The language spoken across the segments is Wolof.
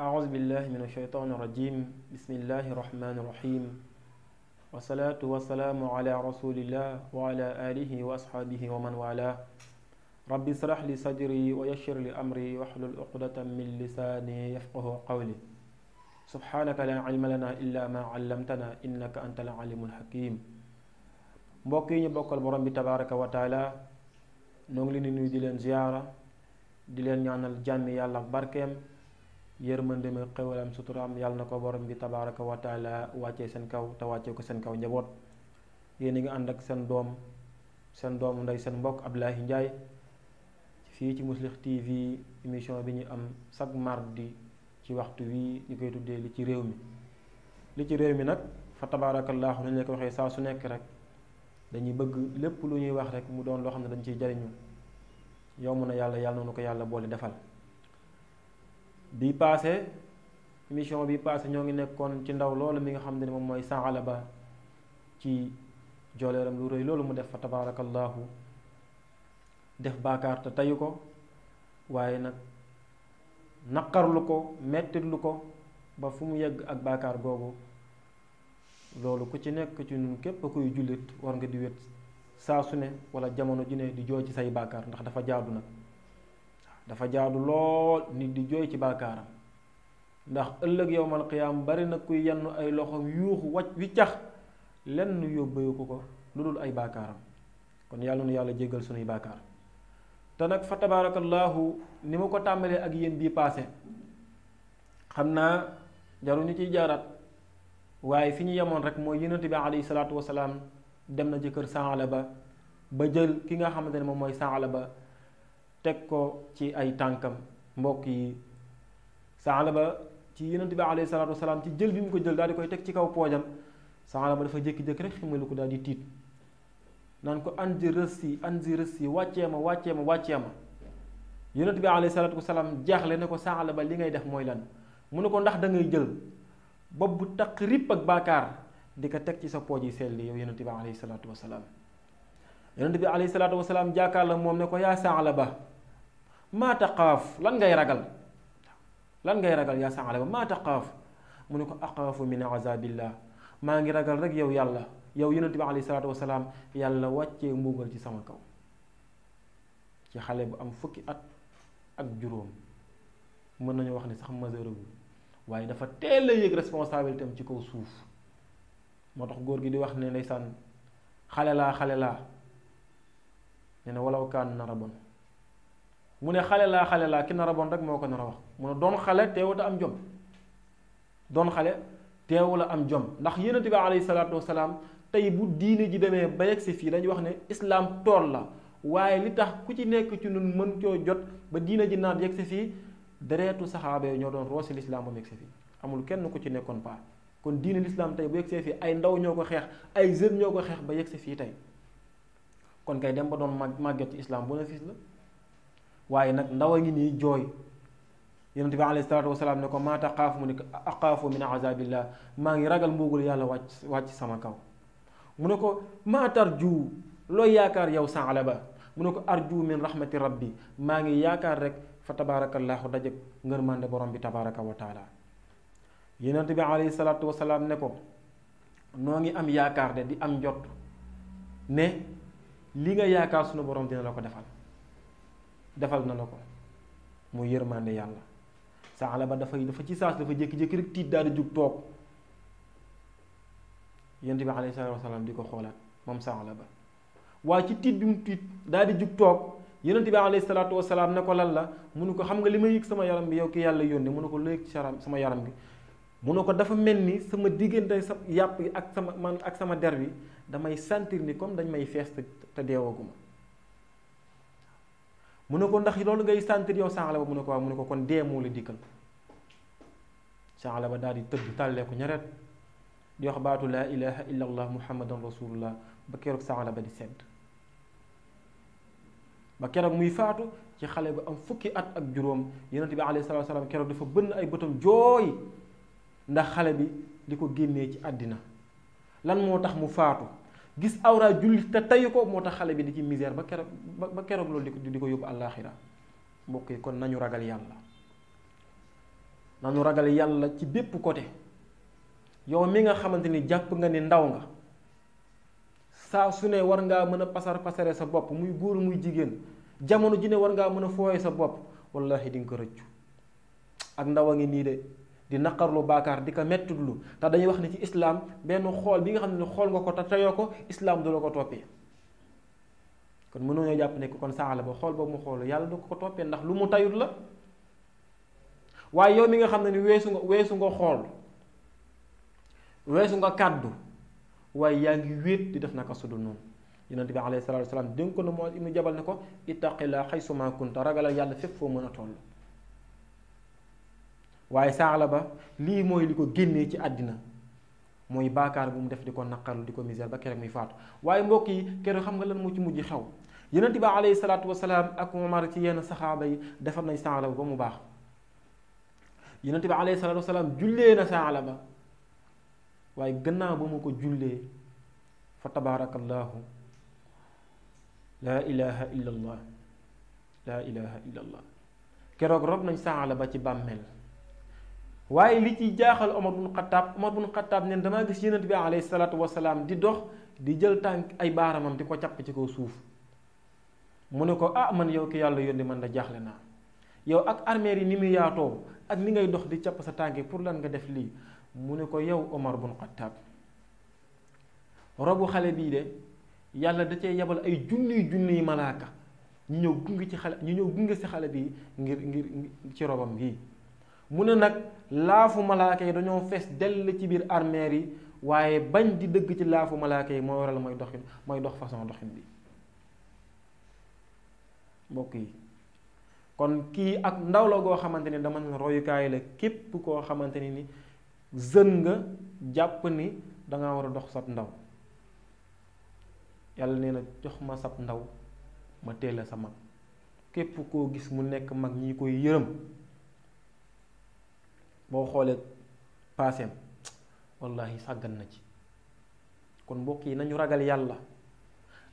أعوذ بالله من الشيطان الرجيم بسم الله الرحمن الرحيم والصلاة والسلام على رسول الله وعلى آله وأصحابه ومن والاه رب اشرح لي صدري ويسر لي أمري واحلل عقدة من لساني يفقه قولي سبحانك لا علم لنا إلا ما علمتنا إنك أنت العليم الحكيم mbokk yi ñu bokkal borom bi tabaraka wa taala noo ngi leen di nuyu di leen ziyaara di leen ñaanal jàmmi yàlla barkeem yërmande mi xewalam suturaam yàlla na ko borom bi tabaaraka wa la wàccee seen kaw te wàccee ko seen kaw njaboot yéen a ngi ànd ak seen doom seen doomu ndey seen mbokk Abdoulaye Ndiaye fii ci Mouslih TV émission bi ñu am chaque mardi ci waxtu wi ñu koy tuddee li ci réew mi li ci réew mi nag fa tabaarakallaahu nañ la ko waxee saa su nekk rek dañuy bëgg lépp lu ñuy wax rek mu doon loo xam ne dañ ciy jariñu yomb na yàlla yàlla na ko yàlla boole defal bi paase émission bi paase ñoo ngi nekkoon ci ndaw loolu mi nga xam ne moom mooy ba ci jooleeram lu rëy loolu mu def fa tabaarakallaahu def baakaar te tayu ko waaye nag naqarlu ko mettitlu ko ba fu mu yegg ak baakaar googu loolu ku ci nekk ci ñun képp kuy jullit war nga di wét saa su ne wala jamono ji ne di jooy ci say baakaar ndax dafa jaadu nag dafa jaadu lool nit di jooy ci bàkkaaram ndax ëllëg yowmal qiyaam bari nag kuy yenn ay loxoom yuuxu wacc wiccax lenn yóbbewu ko ko lu dul ay bàkkaaram kon yàlla nu yàlla jéggal sunuy bàkkaar te nag fa tabaarakallaahu ni ma ko tàmbalee ak yéen bii paase xam naa jaru ñu ciy jaaraat waaye fi ñu yemoon rek mooy yonent bi alayhi salaatu wasalaam dem na jëkkër kër ba ba jël ki nga xamante ne moom mooy ba teg ko ci ay tànkam mbokk yi ba ci yonent bi alayhi salaatu wasalaam ci jël bi mu ko jël daal di koy teg ci kaw poojam ba dafa jékki-jékki rek ximali ko daal di tiit naan ko anzi rësi anzi rësi wàccee ma wàccee ma wàccee ma yonent bi alayhi salaatu wasalaam jaaxle ne ko Saalaba li ngay def mooy lan mu ne ko ndax da ngay jël bopp bu taq ripp ak baakaar di ko teg ci sa pooj yi sell yow yonent bi alayhi salaatu wasalaam yonent bi alayhi la moom ne ko yaa ba maa taqaaf lan ngay ragal lan ngay ragal yaa sàngale ba maa taqaaf mu ne ko aqaafu min azabillah maa ngi ragal rek yow yàlla yow yonent bi alayhi salaatu wasalaam yàlla wàccee mbugal ci sama kaw ci xale bu am fukki at ak juróom mën nañu wax ni sax majeuragul waaye dafa teel a yëg responsabilité ci kaw suuf moo tax góor gi di wax ne ndeysaan xale laa xale laa ne na walaw kaan narabon mu ne xale laa xale laa ki nar a rek moo ko nar wax mu ne doon xale teewut am jom doon xale teewul a am jom ndax yonent bi alayhi salaatu wasalaam tey bu diine ji demee ba yegsi fii dañuy wax ne islaam tool la waaye li tax ku ci nekk ci nun mën coo jot ba diine ji naat yegsi fii dereetu saxaaba ñoo doon roosi lislaam ba mu yegsi fii amul kenn ku ci nekkoon paar kon diine lislaam tey bu yegsee fii ay ndaw ñoo ko xeex ay jeunes ñoo ko xeex ba yegsi fii tey kon kay dem ba doon màgget ci islaam bénéfice la waaye nag ndaw a ngi nii jooy yonent bi alayhi salaatu ne ko maa taxaafu mu ne ko axaafu min azabillah maa ngi ragal mbuugul yàlla wàcc wàcc sama kaw mu ne ko maatar tarju looy yaakaar yow Saalaba mu ne ko ar arju min rahmati rabbi maa ngi yaakaar rek fa tabaarakallaahu dajëg ngërmande borom bi tabaaraka wa taala yonent bi alayhi salaatu ne ko noo ngi am yaakaar de di am njot ne li nga yaakaar sunu borom dina la ko defal defal na la ko muy yërmande yàlla saala ba dafay dafa ci saas dafa jékki-jékki rek tiit daal di jug toog yonent bi alayhi salaatu wasalaam di ko xoolaat moom saala ba waaye ci tiit bi mu tiit daal di toog yonent bi alayhi salaatu wasalaam ne ko lan la mu ko xam nga li ma yëg sama yaram bi yow ki yàlla yónni mu ne ko lu yëg ci sama yaram bi mu ne ko dafa mel ni sama diggante sa yàpp ak sama man ak sama der bi damay sentir ni comme dañ may fees te deewaguma mu ne ko ndax loolu ngay sentir yow sànqale ba mu ne ko waaw mu ne ko kon dee moo la dikkal sànqale ba daal di tëdd tàllee ko ñaret di wax baatu laa ilaha illa allah muhammadan rasulullah ba keroog sànqale ba di sedd ba keroog muy faatu ci xale bi am fukki at ak juróom yonente bi alayhi salaatu salaam keroog dafa bënn ay bëtam jooy ndax xale bi di ko génnee ci àddina lan moo tax mu faatu gis awra jullit te tayu ko moo tax xale bi di ci misère ba keroog ba keroog loolu di ko yóbbu àllaaxira mbokk yi kon nañu ragal yàlla nañu ragal yàlla ci bépp côté yow mi nga xamante ni jàpp nga ni ndaw nga saa su ne war ngaa mën a pasar pasare sa bopp muy góor muy jigéen jamono ji ne war ngaa mën a fooye sa bopp wallaahi di nga ko rëccu ak ndaw a ngi nii de di naqar lu baakaar di ko mettitlu te dañuy wax ni ci islaam benn xool bi nga xam ne xool nga ko te teyoo ko islaam du la ko toppee kon mënoo ñoo jàpp ne kon saa la ba xool ba mu xool yàlla du ko toppee ndax lu mu tayut la waaye yow mi nga xam ne ni weesu nga weesu nga xool weesu nga kàddu waaye yaa ngi wéet di def na su dul noonu yonent bi alayhi salaatu wa salaam dénk ko na moo ibnu jabal ne ko ittaqillaa xaysumaa kunta ragalal yàlla fépp foo mën a toll waaye saaxla ba lii mooy li ko génnee ci àddina mooy baakaar bu mu def di ko naqarlu di ko misère ba keroog muy faatu waaye mbokk yi keroog xam nga lan moo ci mujj xew yonent bi alayhi salaatu wasalaam ak Omar ci yenn saxaaba yi defar nañ saaxla ba ba mu baax yonent bi alayhi salaatu wasalaam jullee na saaxla ba waaye gannaaw ba mu ko jullee fa tabaarakallaahu laa ilaha illallah keroog rob nañ saaxla ba ci bàmmeel waaye li ci jaaxal Omar bun Xattaab Omar bun Xattaab neen damaa gis yonent bi alayhi salaatu wasalaam di dox di jël tànk ay baaramam di ko càpp ci kaw suuf mu ne ko ah man yow ki yàlla yónni man da jaaxle naa yow ak armeer yi ni muy yaatoo ak ni ngay dox di càpp sa tànk pour lan nga def lii mu ne ko yow Omar bun Xattaab robu xale bii de yàlla da cee yebal ay junniy junniy malaaka ñu ñëw gunge ci xale ñu ñëw gunge si xale bi ngir ngir ci robam mu ne nag laafu malaake yi dañoo fees dell ci biir armeer yi waaye bañ di dëgg ci laafu malaaka yi mooy waral mooy doxin mooy dox façon doxin bi mbokk yi kon kii ak ndaw la goo xamante ni dama ne royukaay la képp koo xamante ni ni sën nga jàpp ni danga war a dox sab ndaw yàlla nee na jox ma sab ndaw ma teel a sa mag képp koo gis mu nekk mag ñi koy yërëm boo xoolee paaseem wallahi sàggan na ci kon mbokk yi nañu ragal yàlla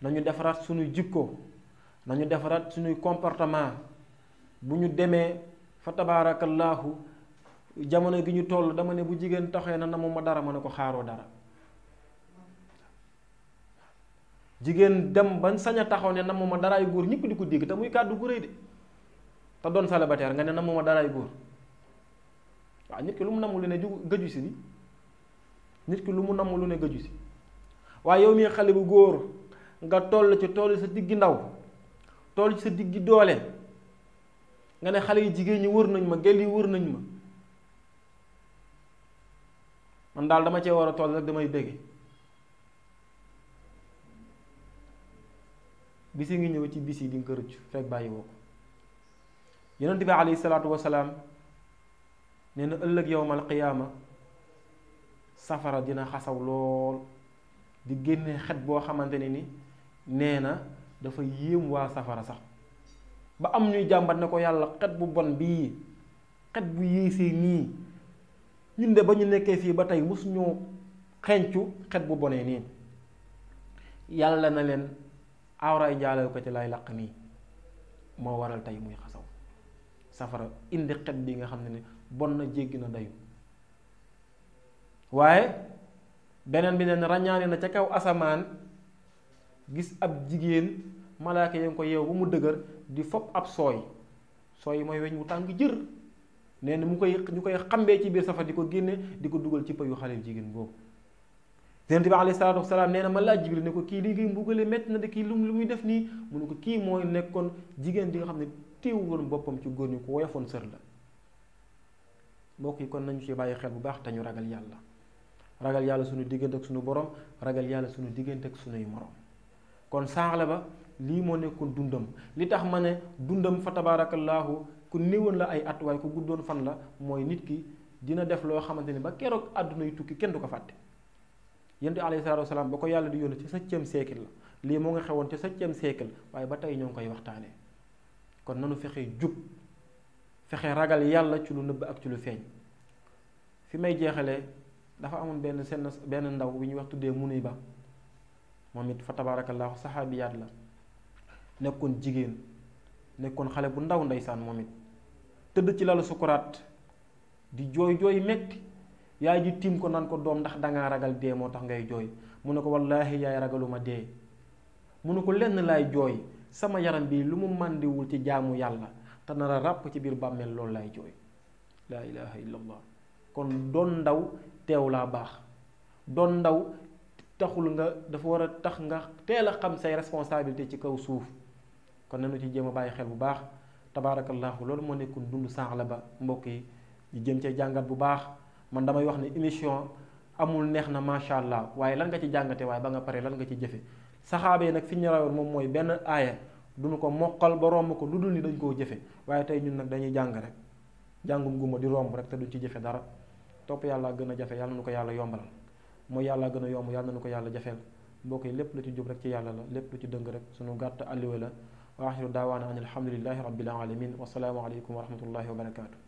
nañu defaraat suñuy jikko nañu defaraat suñuy comportement bu ñu demee fa tabaarakallaahu jamono gi ñu toll dama ne bu jigéen taxee na namu ma dara ma ne ko xaaroo dara jigéen dem ban sañ taxaw ne namu ma daraay góor ñëpp di ko dégg te muy kàddu gu rëy de te doon célibataire nga ne na namu ma daraay góor waa nit ki lu mu namm lu ne ju gëju si nit ki lu mu namm lu ne gëju si waaye yow mii xale bu góor nga toll ci toll sa diggi ndaw toll ci sa digg doole nga ne xale yu jigéen ñi wër nañ ma gel yi wër nañ ma man daal dama cee war a toll rek damay bëgge bisi ngi ñëw ci bis yi di nga ko rëccu fekk bàyyi woo ko yonent bi alayhi salaatu wasalaam nee na ëllëg yowmal qiyaama safara dina xasaw lool di génne xet boo xamante ne ni nee na dafa yéem waa safara sax ba am ñuy jàmbat ne ko yàlla xet bu bon bii xet bu yéesee nii ñun de ba ñu nekkee fii ba tey mosuñoo xencu xet bu bonee nii yàlla na leen awraay njaalal ko ci lay laq nii moo waral tey muy xasaw safara indi xet bi nga xam ne ne bon na jéggi na dayu waaye beneen bi neen ràññaane na ca kaw asamaan gis ab jigéen malaaka ya ngi ko yeew ba mu dëgër di fopp ab sooy sooy mooy weñ wu tàng jër neen na mu koy ñu koy xambee ci biir safar di ko génne di ko dugal ci pëyu xale jigéen boobu yonent bi alayhi salaatu wasalaam nee na ma laaj Jibril ne ko kii liggéey mbugale métti na de kii lu lu muy def nii mu ne ko kii mooy nekkoon jigéen di nga xam ne téewu boppam ci góor ñu ko woyofoon sër la mbokk yi kon nañu ci bàyyi xel bu baax te ñu ragal yàlla ragal yàlla suñu diggante ak suñu borom ragal yàlla suñu diggante ak suñuy morom kon saaxle ba lii moo nekkoon dundam li tax ma ne dundam fa tabaarakallaahu ku néewoon la ay at waaye ku guddoon fan la mooy nit ki dina def loo xamante ni ba keroog àdduna yu tukki kenn du ko fàtte yonent alayhi salaatu wasalaam ba ko yàlla di yónni ci septième siècle la lii moo nga xewoon ci septième siècle waaye ba tey ñoo ngi koy waxtaanee fexe ragal yàlla ci lu nëbb ak ci lu feeñ fi may jeexale dafa amoon benn seen benn ndaw bi ñu wax tuddee mu munuy ba moom it fa tabaarakallaahu saxaabiyaat la nekkoon jigéen nekkoon xale bu ndaw ndeysaan moom it tëdd ci lalu sukuraat di jooy jooy metti yaay ji tiim ko naan ko doom ndax danga ragal dee moo tax ngay jooy mu ne ko wallaahi yaay ragaluma dee mu ne ko lenn laay jooy sama yaram bi lu mu màndiwul ci jaamu yàlla te nar a ràpp ci biir bàmmeel loolu laay jooy laa ilaha illa kon doon ndaw teew laa baax doon ndaw taxul nga dafa war a tax nga teel a xam say responsabilité ci kaw suuf kon nañu ci jëm a bàyyi xel bu baax tabaarakallahu loolu moo nekkoon dund saax la ba mbokk yi ñu jëm cee jàngat bu baax man damay wax ne émission amul neex na macha allah waaye lan nga ci jàngate waaye ba nga pare lan nga ci jëfe saxaaba yi nag fi ñu moom mooy benn aaya duñu ko moqal ba romb ko lu dul ni dañ koo jëfe waaye tey ñun nag dañuy jàng rek jàngum guma di romb rek te duñ ci jëfe dara topp yàlla gën a jafe yàlla na ko yàlla yombalal mooy yàlla gën a yomb yàlla na ko yàlla jafeel mbokk yi lépp lu ci jub rek ci yàlla la lépp lu ci dëng rek sunu gàtt alliwe la wa axiru daawaana an alhamdulilahi rabbil alamin wasalaamu aleykum wa rahmatullahi wa barakaatu